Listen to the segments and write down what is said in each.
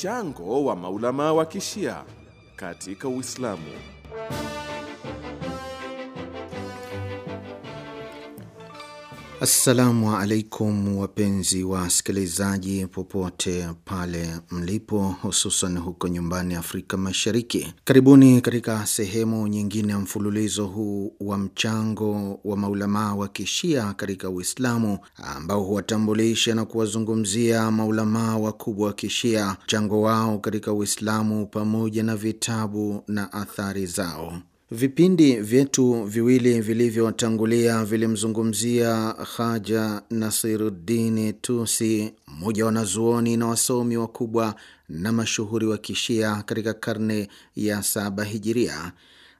mchango wa maulama wa kishia katika Uislamu. Assalamu alaikum wapenzi wasikilizaji, popote pale mlipo, hususan huko nyumbani Afrika Mashariki, karibuni katika sehemu nyingine ya mfululizo huu wa mchango wa maulamaa wa kishia katika Uislamu ambao huwatambulisha na kuwazungumzia maulamaa wakubwa wa kishia, mchango wao katika Uislamu pamoja na vitabu na athari zao. Vipindi vyetu viwili vilivyotangulia vilimzungumzia Haja Nasiruddini Tusi, mmoja wa wanazuoni na wasomi wakubwa na mashuhuri wa Kishia katika karne ya saba Hijiria,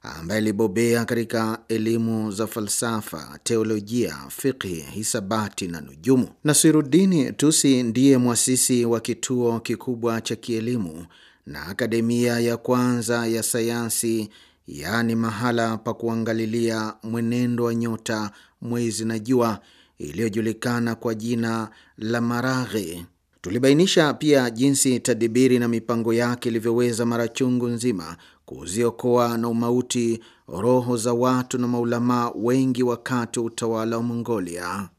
ambaye alibobea katika elimu za falsafa, teolojia, fiqhi, hisabati na nujumu. Nasiruddini Tusi ndiye mwasisi wa kituo kikubwa cha kielimu na akademia ya kwanza ya sayansi yaani mahala pa kuangalilia mwenendo wa nyota, mwezi na jua, iliyojulikana kwa jina la Maraghi. Tulibainisha pia jinsi tadibiri na mipango yake ilivyoweza mara chungu nzima kuziokoa na umauti roho za watu na maulamaa wengi wakati wa utawala wa Mongolia.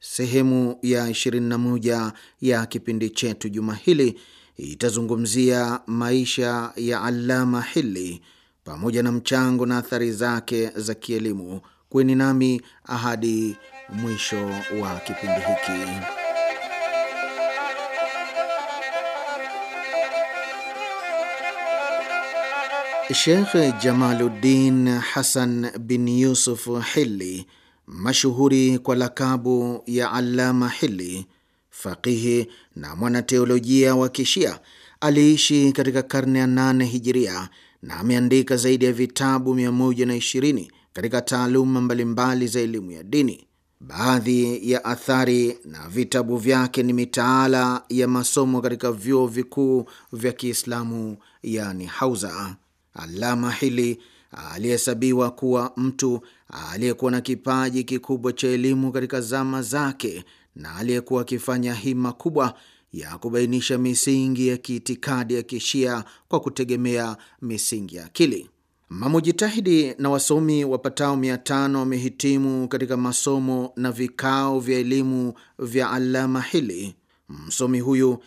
Sehemu ya 21 ya kipindi chetu juma hili itazungumzia maisha ya Alama Hili, pamoja na mchango na athari zake za kielimu. kweni nami ahadi mwisho wa kipindi hiki. shekh Jamaluddin Hasan bin Yusuf Hilli, mashuhuri kwa lakabu ya Allama Hilli, faqihi na mwanateolojia wa Kishia, aliishi katika karne ya nane hijiria na ameandika zaidi ya vitabu 120 katika taaluma mbalimbali za elimu ya dini. Baadhi ya athari na vitabu vyake ni mitaala ya masomo katika vyuo vikuu vya Kiislamu, yani hauza. Alama hili aliyehesabiwa kuwa mtu aliyekuwa na kipaji kikubwa cha elimu katika zama zake na aliyekuwa akifanya hima kubwa ya kubainisha misingi ya kiitikadi ya kishia kwa kutegemea misingi ya akili. Mamujitahidi na wasomi wapatao mia tano wamehitimu katika masomo na vikao vya elimu vya Alama Hili. Msomi huyu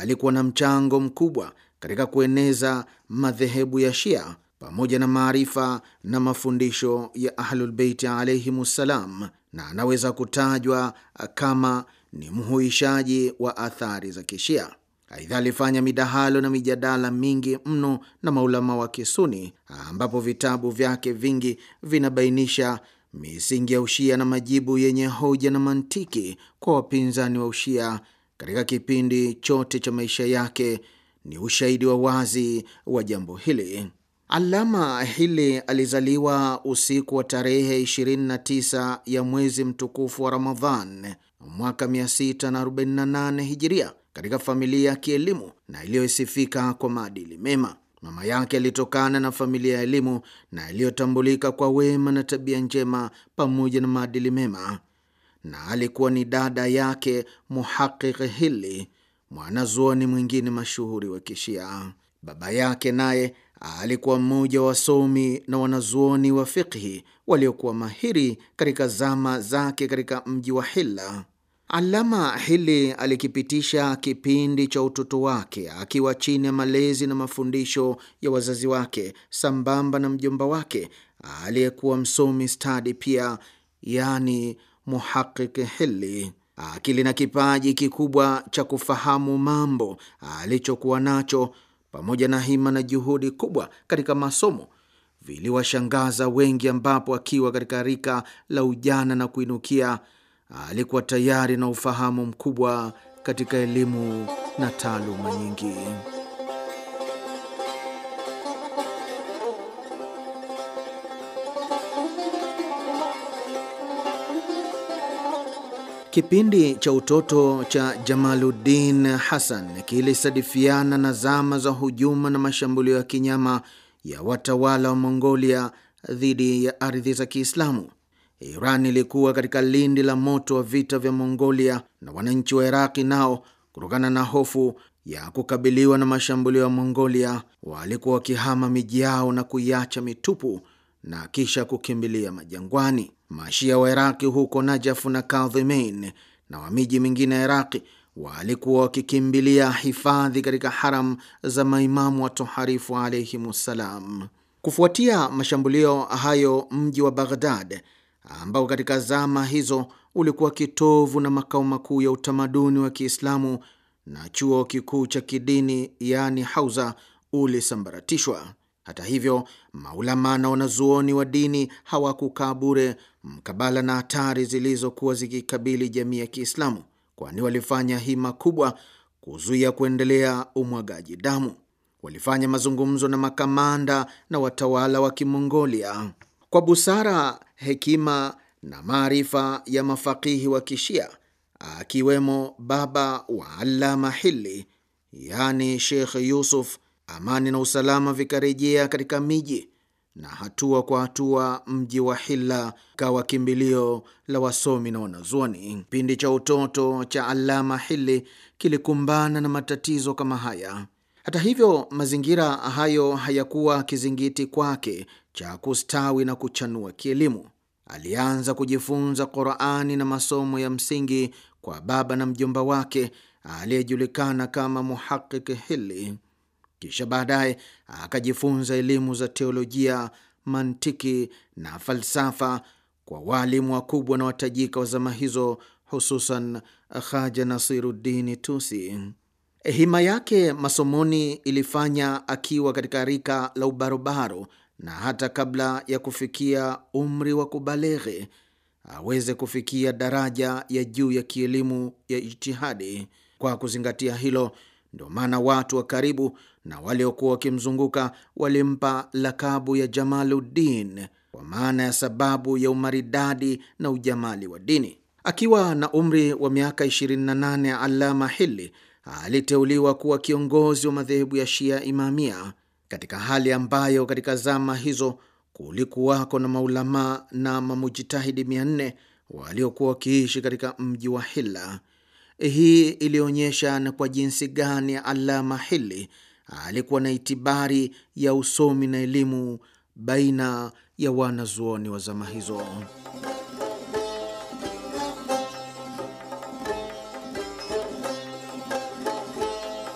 alikuwa na mchango mkubwa katika kueneza madhehebu ya Shia pamoja na maarifa na mafundisho ya Ahlulbeiti alaihim ssalam, na anaweza kutajwa kama ni mhuishaji wa athari za Kishia. Aidha, alifanya midahalo na mijadala mingi mno na maulama wa Kisuni, ambapo vitabu vyake vingi vinabainisha misingi ya Ushia na majibu yenye hoja na mantiki kwa wapinzani wa Ushia katika kipindi chote cha maisha yake ni ushahidi wa wazi wa jambo hili. Alama Hili alizaliwa usiku wa tarehe 29 ya mwezi mtukufu wa Ramadhan mwaka 648 Hijiria, katika familia ya kielimu na iliyosifika kwa maadili mema. Mama yake alitokana na familia ya elimu na iliyotambulika kwa wema na tabia njema pamoja na maadili mema, na alikuwa ni dada yake Muhaqiq Hili, mwanazuoni mwingine mashuhuri wa Kishia. Baba yake naye alikuwa mmoja wa wasomi na wanazuoni wa fiqhi waliokuwa mahiri katika zama zake katika mji wa Hilla. Alama Hili alikipitisha kipindi cha utoto wake akiwa chini ya malezi na mafundisho ya wazazi wake sambamba na mjomba wake aliyekuwa msomi stadi pia, yani Muhaqiq Hili. Akili na kipaji kikubwa cha kufahamu mambo alichokuwa nacho pamoja na hima na juhudi kubwa katika masomo viliwashangaza wengi, ambapo akiwa katika rika la ujana na kuinukia alikuwa tayari na ufahamu mkubwa katika elimu na taaluma nyingi. Kipindi cha utoto cha Jamaluddin Hassan kilisadifiana na zama za hujuma na mashambulio ya kinyama ya watawala wa Mongolia dhidi ya ardhi za Kiislamu. Iran ilikuwa katika lindi la moto wa vita vya Mongolia na wananchi wa Iraqi nao, kutokana na hofu ya kukabiliwa na mashambulio ya Mongolia, walikuwa wakihama miji yao na kuiacha mitupu na kisha kukimbilia majangwani. Mashia wa Iraqi huko Najafu na Kadhimin na wa miji mingine ya Iraqi walikuwa wakikimbilia hifadhi katika haram za maimamu watoharifu ssalam. Kufuatia mashambulio hayo, mji wa Baghdad ambao katika zama hizo ulikuwa kitovu na makao makuu ya utamaduni wa Kiislamu na chuo kikuu cha kidini yaani hauza ulisambaratishwa. Hata hivyo, maulama na wanazuoni wa dini hawakukaa bure mkabala na hatari zilizokuwa zikikabili jamii ya Kiislamu, kwani walifanya hima kubwa kuzuia kuendelea umwagaji damu. Walifanya mazungumzo na makamanda na watawala wa Kimongolia. Kwa busara, hekima na maarifa ya mafakihi wa Kishia, akiwemo baba wa Allama Hili, yani Sheikh Yusuf amani na usalama vikarejea katika miji na hatua kwa hatua mji wa Hilla kawa kimbilio la wasomi na wanazuoni. Kipindi cha utoto cha Alama Hili kilikumbana na matatizo kama haya. Hata hivyo, mazingira hayo hayakuwa kizingiti kwake cha kustawi na kuchanua kielimu. Alianza kujifunza Qurani na masomo ya msingi kwa baba na mjomba wake aliyejulikana kama Muhaqiq Hili. Kisha baadaye akajifunza elimu za teolojia, mantiki na falsafa kwa waalimu wakubwa na watajika wa zama hizo, hususan Haja nasirudini Tusi. Hima yake masomoni ilifanya akiwa katika rika la ubarobaro na hata kabla ya kufikia umri wa kubalehe aweze kufikia daraja ya juu ya kielimu ya ijtihadi. Kwa kuzingatia hilo ndio maana watu wa karibu na waliokuwa wakimzunguka walimpa lakabu ya Jamaluddin kwa maana ya sababu ya umaridadi na ujamali wa dini. Akiwa na umri wa miaka 28 ya Alama Hili aliteuliwa kuwa kiongozi wa madhehebu ya Shia Imamia, katika hali ambayo katika zama hizo kulikuwako na maulamaa na mamujitahidi 4 waliokuwa wakiishi katika mji wa Hilla. Hii ilionyesha na kwa jinsi gani alama Hili alikuwa na itibari ya usomi na elimu baina ya wanazuoni wa zama hizo.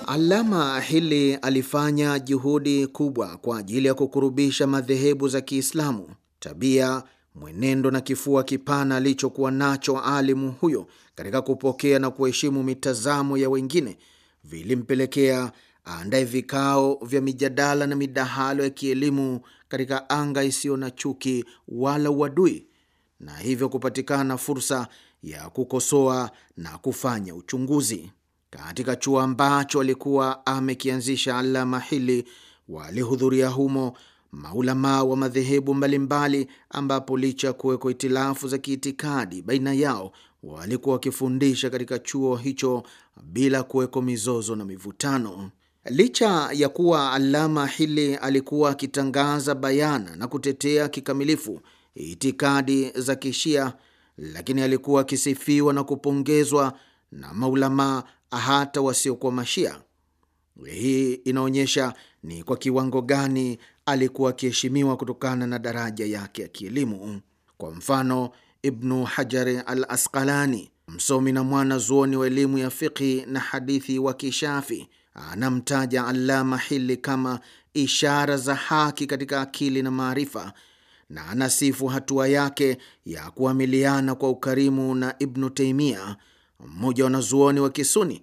Alama Hili alifanya juhudi kubwa kwa ajili ya kukurubisha madhehebu za Kiislamu. Tabia mwenendo na kifua kipana alichokuwa nacho alimu huyo katika kupokea na kuheshimu mitazamo ya wengine vilimpelekea aandaye vikao vya mijadala na midahalo ya kielimu katika anga isiyo na chuki wala uadui, na hivyo kupatikana fursa ya kukosoa na kufanya uchunguzi. Katika chuo ambacho alikuwa amekianzisha Alama hili walihudhuria humo maulamaa wa madhehebu mbalimbali, ambapo licha ya kuwekwa itilafu za kiitikadi baina yao walikuwa wakifundisha katika chuo hicho bila kuwekwa mizozo na mivutano. Licha ya kuwa Alama Hili alikuwa akitangaza bayana na kutetea kikamilifu itikadi za Kishia, lakini alikuwa akisifiwa na kupongezwa na maulamaa hata wasiokuwa Mashia. Hii inaonyesha ni kwa kiwango gani alikuwa akiheshimiwa kutokana na daraja yake ya kielimu. Kwa mfano, Ibnu Hajari al Asqalani, msomi na mwana zuoni wa elimu ya fiqhi na hadithi wa Kishafi, anamtaja Allama Hili kama ishara za haki katika akili na maarifa, na anasifu hatua yake ya kuamiliana kwa ukarimu na Ibnu Taimia, mmoja wa wanazuoni wa Kisuni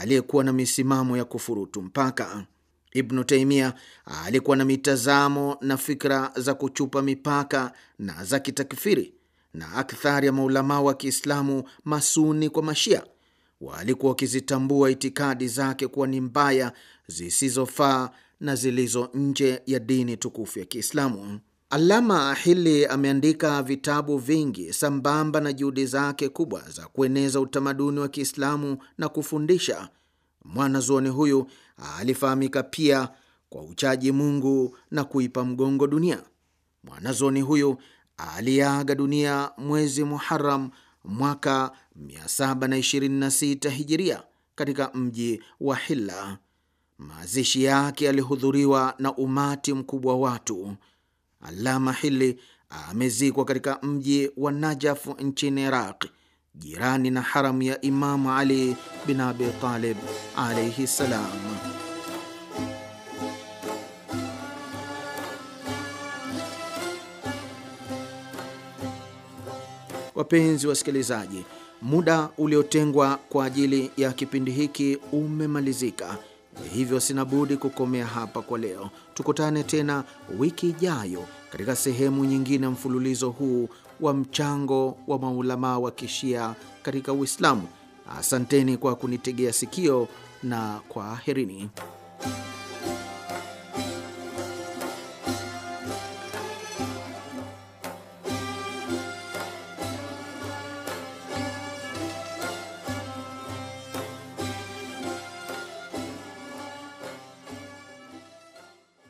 aliyekuwa na misimamo ya kufurutu mpaka. Ibnu Taimia alikuwa na mitazamo na fikra za kuchupa mipaka na za kitakfiri, na akthari ya maulamaa wa Kiislamu masuni kwa mashia walikuwa wakizitambua itikadi zake kuwa ni mbaya, zisizofaa na zilizo nje ya dini tukufu ya Kiislamu. Alama Hili ameandika vitabu vingi sambamba na juhudi zake kubwa za kueneza utamaduni wa Kiislamu na kufundisha Mwanazuoni huyu alifahamika pia kwa uchaji Mungu na kuipa mgongo dunia. Mwanazuoni huyu aliaga dunia mwezi Muharam mwaka 726 hijiria katika mji wa Hilla. Mazishi yake yalihudhuriwa na umati mkubwa wa watu. Alama Hili amezikwa katika mji wa Najaf nchini Iraq jirani na haramu ya Imamu Ali bin Abi Talib alaihi ssalam. Wapenzi wasikilizaji, muda uliotengwa kwa ajili ya kipindi hiki umemalizika, hivyo sina budi kukomea hapa kwa leo. Tukutane tena wiki ijayo katika sehemu nyingine mfululizo huu wa mchango wa maulamaa wa kishia katika Uislamu. Asanteni kwa kunitegea sikio na kwaherini.